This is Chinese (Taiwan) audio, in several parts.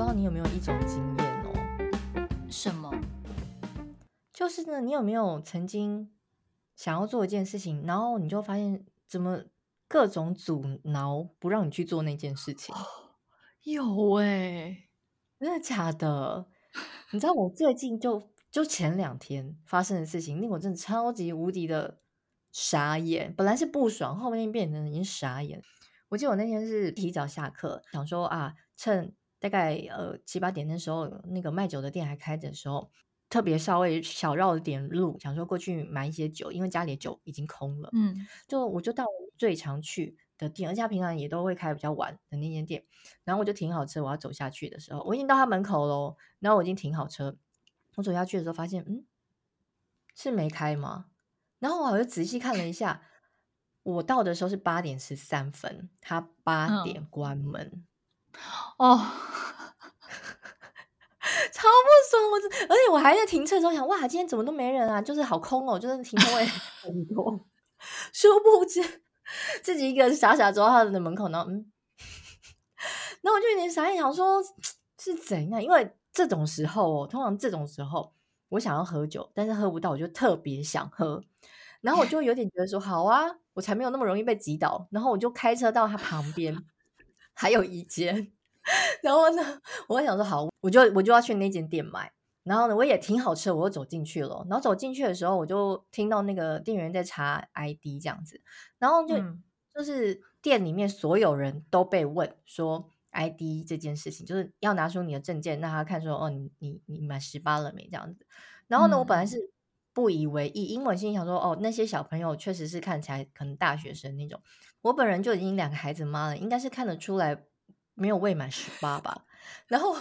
不知道你有沒有一種經驗哦？什麼？就是呢，你有沒有曾經想要做一件事情，然後你就發現怎麼各種阻撓不讓你去做那件事情？有哎、欸，真的假的？你知道我最近就就前兩天發生的事情，令我真的超級無敵的傻眼。本來是不爽，後面變成已經傻眼。我記得我那天是提早下課，想說啊，趁大概呃，七八點那時候，那個賣酒的店還開着的時候，特別稍微小繞了點路，想說過去買一些酒，因為家裡的酒已經空了。嗯，就我就到最常去的店，而且他平常也都會開比較晚的那間店。然後我就停好車，我要走下去的時候，我已經到他門口嘍。然後我已經停好車，我走下去的時候發現，嗯，是沒開嗎？然後我就仔細看了一下， 我到的時候是八點十三分，他八點關門。哦哦，超不爽！我，而且我還在停車的時候想，哇，今天怎麼都沒人啊？就是好空哦，就是停車位很多。 殊不知自己一個人傻傻走到他的門口呢，嗯， 然後我就有點傻眼，想說，是怎樣？因為這種時候，哦，通常這種時候，我想要喝酒，但是喝不到，我就特別想喝。然後我就有點覺得說，好啊，我才沒有那麼容易被擊倒。然後我就開車到他旁邊。 還有一間，然後呢，我想說好，我就我就要去那間店買。然後呢，我也停好車，我就走進去了。然後走進去的時候，我就聽到那個店員在查 ID 這樣子。然後就、嗯、就是店裡面所有人都被問說 ID 這件事情，就是要拿出你的證件讓他看說，說哦，你你你滿十八了沒這樣子。然後呢，嗯、我本來是。不以為意，因為我心想說，哦，那些小朋友確實是看起來可能大學生那種。我本人就已經兩個孩子媽了，應該是看得出來沒有未滿十八吧。 然後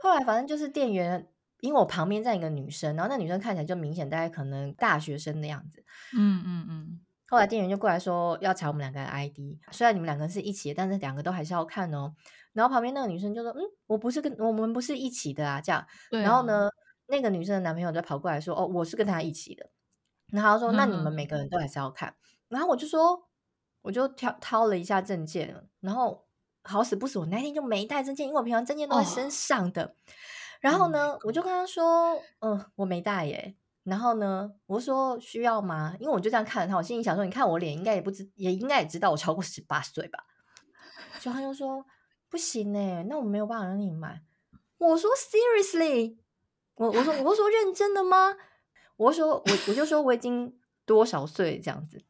後來反正就是店員，因為我旁邊站一個女生，然後那女生看起來就明顯大概可能大學生的樣子。嗯嗯嗯。後來店員就過來說要查我們兩個的 ID，雖然你們兩個是一起的，但是兩個都還是要看哦。然後旁邊那個女生就說，嗯，我不是跟，我們不是一起的啊，這樣。對啊。然後呢？那個女生的男朋友就跑過來說：“哦，我是跟她一起的。”然後他說：“嗯、那你們每個人都還是要看。對”然後我就說：“我就挑、掏了一下證件。”然後好死不死，我那天就沒帶證件，因為我平常證件都在身上的。哦、然後呢，oh、我就跟他說：“嗯、呃，我沒帶耶。”然後呢，我說：“需要嗎？”因為我就這樣看着他，我心裡想說：“你看我臉，應該也不知也應該也知道我超過十八歲吧？”所以她又說：“不行呢，那我沒有辦法讓你買。”我說：“Seriously？” 我我說我說認真的嗎？我說我我就說我已經多少歲這樣子，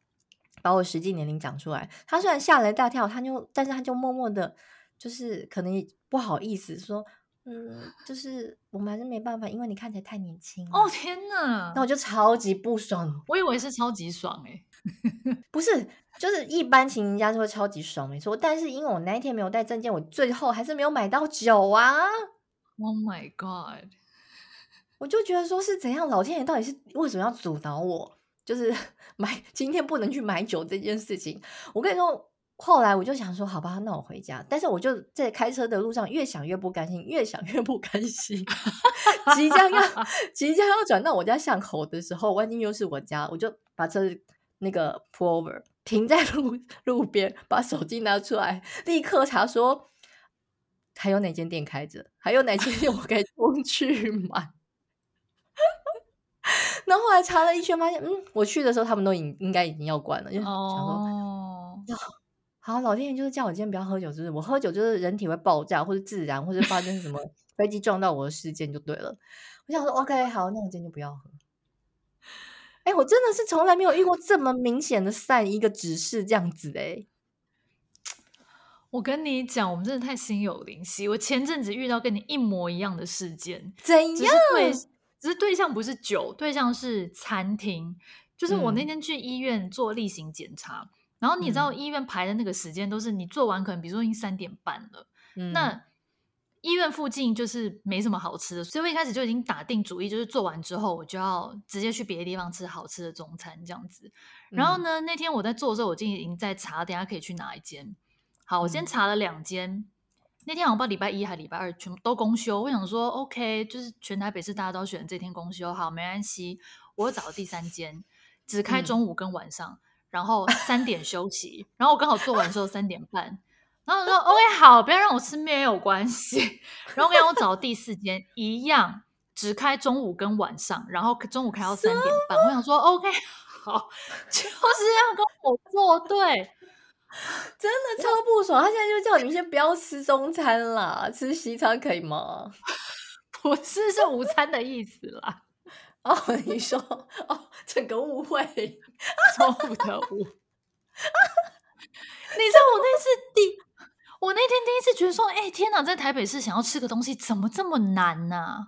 把我實際年齡講出來。他雖然嚇了一大跳，他就但是他就默默的，就是可能不好意思說，嗯，就是我們還是沒辦法，因為你看起來太年輕。哦，天吶，那我就超級不爽。我以為是超級爽欸， 不是，就是一般情人家就會超級爽，沒錯。但是因為我那天沒有帶證件，我最後還是沒有買到酒啊。Oh my god！我就覺得說是怎樣，老天爺到底是為什麼要阻撓我？就是買今天不能去買酒這件事情。我跟你說，後來我就想說，好吧，那我回家。但是我就在開車的路上，越想越不甘心，越想越不甘心。 即將要即將要轉到我家巷口的時候，萬一又是我家，我就把車那個 pull over 停在路路邊，把手機拿出來，立刻查說還有哪間店開着，還有哪間店,店我可以去買。 然後，後來查了一圈，發現嗯，我去的時候他們都應應該已經要關了，就想說、oh. 啊，好，老天爺就是叫我今天不要喝酒是是，就是我喝酒就是人體會爆炸，或者自燃，或者發生什麼飛機撞到我的事件就對了。 我想說，OK，好，那我今天就不要喝。哎、欸，我真的是從來沒有遇過這麼明顯的善一個指示這樣子哎、欸。我跟你講，我們真的太心有靈犀。我前陣子遇到跟你一模一樣的事件，怎樣？只是對象不是酒，對象是餐廳。就是我那天去醫院做例行檢查，嗯、然後你知道醫院排的那個時間都是你做完可能比如說已經三點半了。嗯、那醫院附近就是沒什麼好吃的，所以我一開始就已經打定主意，就是做完之後我就要直接去別的地方吃好吃的中餐這樣子。然後呢，嗯、那天我在做的時候，我就已經在查，等下可以去哪一間？好，我先查了兩間。嗯那天我不知道禮拜一還禮拜二，全部都公休。我想說，OK，就是全台北市大家都選這天公休，好，沒關係。我找第三間，只開中午跟晚上，嗯、然後三點休息。 然後我剛好做完的時候三點半，然後我說 OK，好，不要讓我吃麵有關係。然後我讓我找第四間，一樣只開中午跟晚上，然後中午開到三點半。嗎我想說，OK，好，就是要跟我作對。真的超不爽，哇他現在就叫你們先不要吃中餐啦， 吃西餐可以嗎？不是，是午餐的意思啦。 哦，你說，哦，整個誤會，超 不得了。 啊、你知道我那次第， 我那天第一次覺得說，哎、欸，天哪，在台北市想要吃個東西怎麼這麼難呢、啊？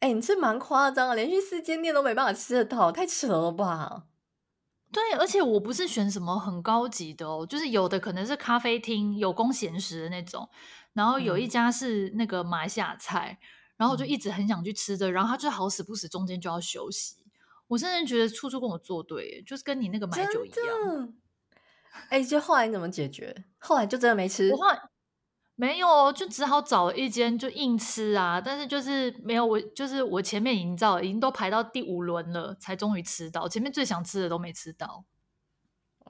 哎、欸，你這蠻誇張的，連續四間店都沒辦法吃得到，太扯了吧？對，而且我不是選什麼很高級的哦，就是有的可能是咖啡廳有工閒時的那種，然後有一家是那個馬來西亞菜，嗯、然後我就一直很想去吃的，然後他就好死不死中間就要休息，我真的覺得處處跟我作對，就是跟你那個買酒一樣。哎、欸，就後來你怎麼解決？後來就真的沒吃。沒有，就只好找一間就硬吃啊！但是就是沒有，我就是我前面營造已經都排到第五輪了，才終於吃到，前面最想吃的都沒吃到。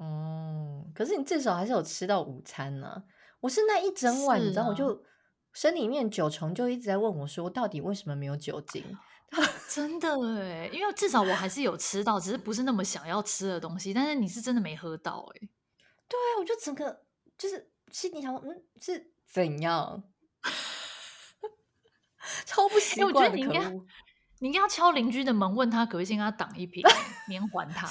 嗯，可是你至少還是有吃到午餐呢、啊。我是那一整晚，啊、你知道，我就身體裡面酒蟲就一直在問我說，到底為什麼沒有酒精？啊、真的哎、欸， 因為至少我還是有吃到，只是不是那麼想要吃的東西。但是你是真的沒喝到哎、欸。對啊，我就整個就是心裡想嗯，是。怎樣？ 超不習慣！我覺得你應該，你應該要敲鄰居的門問他，可不可以先給他擋一瓶， 免還他。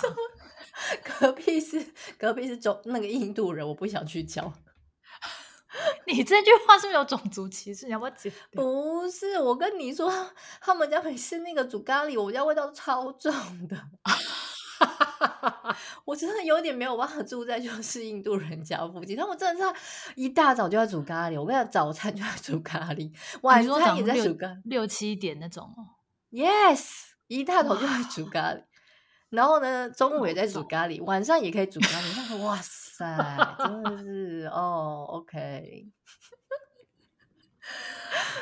隔壁是隔壁是種那個印度人，我不想去敲。 你這句話是不是有種族歧視？你要不要解釋？不是，我跟你說，他們家每次那個煮咖喱，我家味道超重的。 我真的有點沒有辦法住在就是印度人家附近，他們真的是一大早就要煮咖喱，我跟他早餐就要煮咖喱，晚餐也在煮咖喱，六，六七點那種哦。Yes，一大早就要煮咖喱，哇然後呢，中午也在煮咖喱，晚上也可以煮咖喱。他說：“哇塞，真的是 哦。”OK，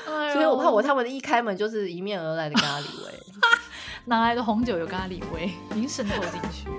所以我怕我他們一開門就是迎面而來的咖喱味， 拿來的紅酒有咖喱味？已經滲透進去。